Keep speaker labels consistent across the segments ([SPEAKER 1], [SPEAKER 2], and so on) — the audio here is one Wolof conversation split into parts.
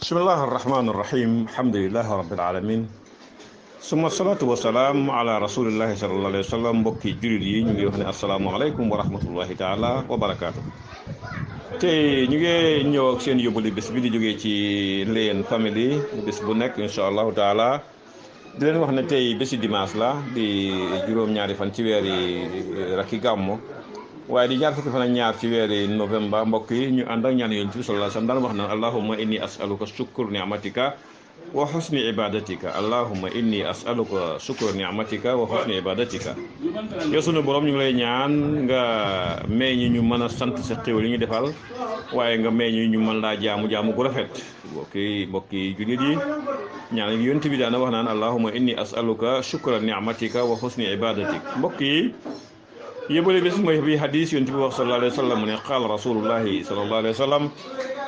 [SPEAKER 1] bismillah arrahman arrahim alhamdulilahi rabbil alamin suma salaatu wasalaam ala rasulillahi sallallahu alayhi wa sallam mbokki jullit yi ñu ngi wax ne asalaamualeykum wa rahmatullahi taala wa barakaatu tey ñu ngi ñëw ak seen yóbbali bés bi di jógee ci Layène family bés bu nekk incha allahu taala di leen wax ne tey bési dimanche la di juróom-ñaari fan ci weeri rakki gàmmu waaye di ñaar fukki fan ak ñaar ci weeri novembre mbokk yi ñu ànd ak ñaan yonent bi sallallahu alayhi wasallam daan wax naan allahumma inni as'aluka shukru ni'matika wa husni ibadatika allahumma inni as'aluka shukru ni'matika wa husni ibadatika yow sunu borom ñu ngi lay ñaan nga may ñi ñu mën a sant sa xéwal yi ñu defal waaye nga may ñi ñu mën laa jaamu jaamu gu rafet mbokk yi mbokk yi jullit yi ñaan yonent bi daana wax naan allahumma inni as'aluka shukra ni'matika wa husni ibadatika mbokk yi yebole bes moy bi hadith yunus bi sallallahu alayhi wasallam ne qala rasulullah sallallahu alayhi wasallam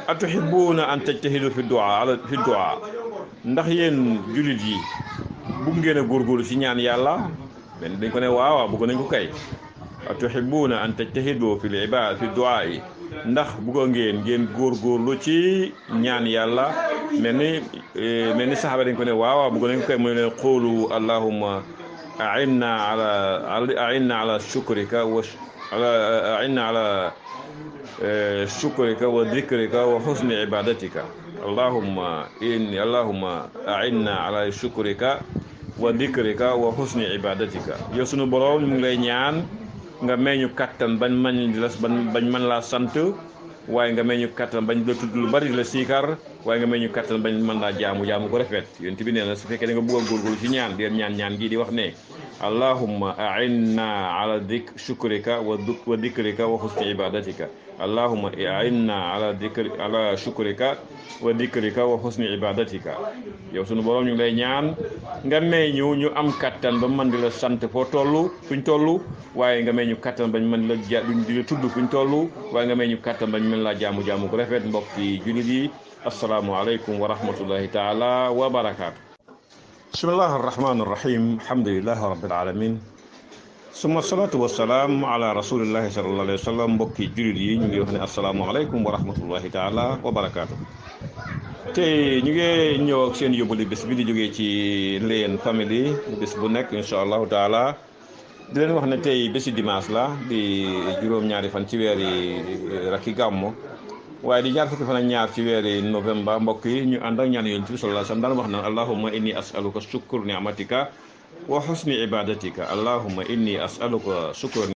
[SPEAKER 1] atuhibbuna an tajtahidu fi du'a ala fi du'a ndax yeen julit yi bu ngeen a gorgolu ci ñaan yalla ben dañ ko ne waawa bu ko nañ ko kay atuhibbuna an tajtahidu fi al-ibad fi du'a ndax bugo ngeen ngeen gorgolu ci ñaan yalla melni melni sahaba dañ ko ne waawa bu ko nañ ko kay moy ne qulu allahumma أعنا على أعنا على شكرك وش على أعنا على شكرك وذكرك وحسن عبادتك اللهم إني اللهم أعنا على شكرك وذكرك وحسن عبادتك yow ya sunu borom ñu ngi lay ñaan nga meñu kattan bañ man la bañ man la sant waaye nga meñu kattan bañ la tudd lu bari la siikar waaye nga meñu kattan bañ man la jaamu jaamu ko rafet yonent bi nee su fekkee da nga bëgg a góorgóorlu ci ñaan di ñaan ñaan gi di wax ne allahumma a'inna ala dik shukrika wa dikrika wa husni ibadatika allahumma a'inna ala ala shukrika wa dikrika wa husni ibadatika yow sunu borom ñu ngi lay ñaan nga may ñu ñu am kattan ba man di la sant foo toll fuñ toll waaye nga may ñu kattan bañ mën la ja duñ di la tudd fuñ toll waaye nga may ñu kattan bañ mën laa jaamu jaamu ko rafet mbokk yi jullit yi asalaamualeykum wa rahmatullahi taala wa barakaatu. bismillahi arrahmani irrahim alhamdulilahi rabbil alamin suma salaatu wasalaam ala rasulillahi sallallahu alayhi wa sallam mbokki jullit yi ñu ngi wax ne asalaamualeykum wa rahmatullahi taala wa barakaatu tey ñu ngi ñëw ak seen yóbbali bés bi di jógee ci Layène Family bés bu nekk incha allahu taala di leen eh, wax ne tey bési dimanche la di juróom-ñaari fan ci weeri rakki gàmmu waaye di ñaar fukki fan ak ñaar ci weeri novembre mbokk yi ñu ànd ak ñaan yoon ci sallallahu alayhi daan wax na allahumma inni as'aluka shukru ni'matika wa husni ibadatika allahumma inni as'aluka shukru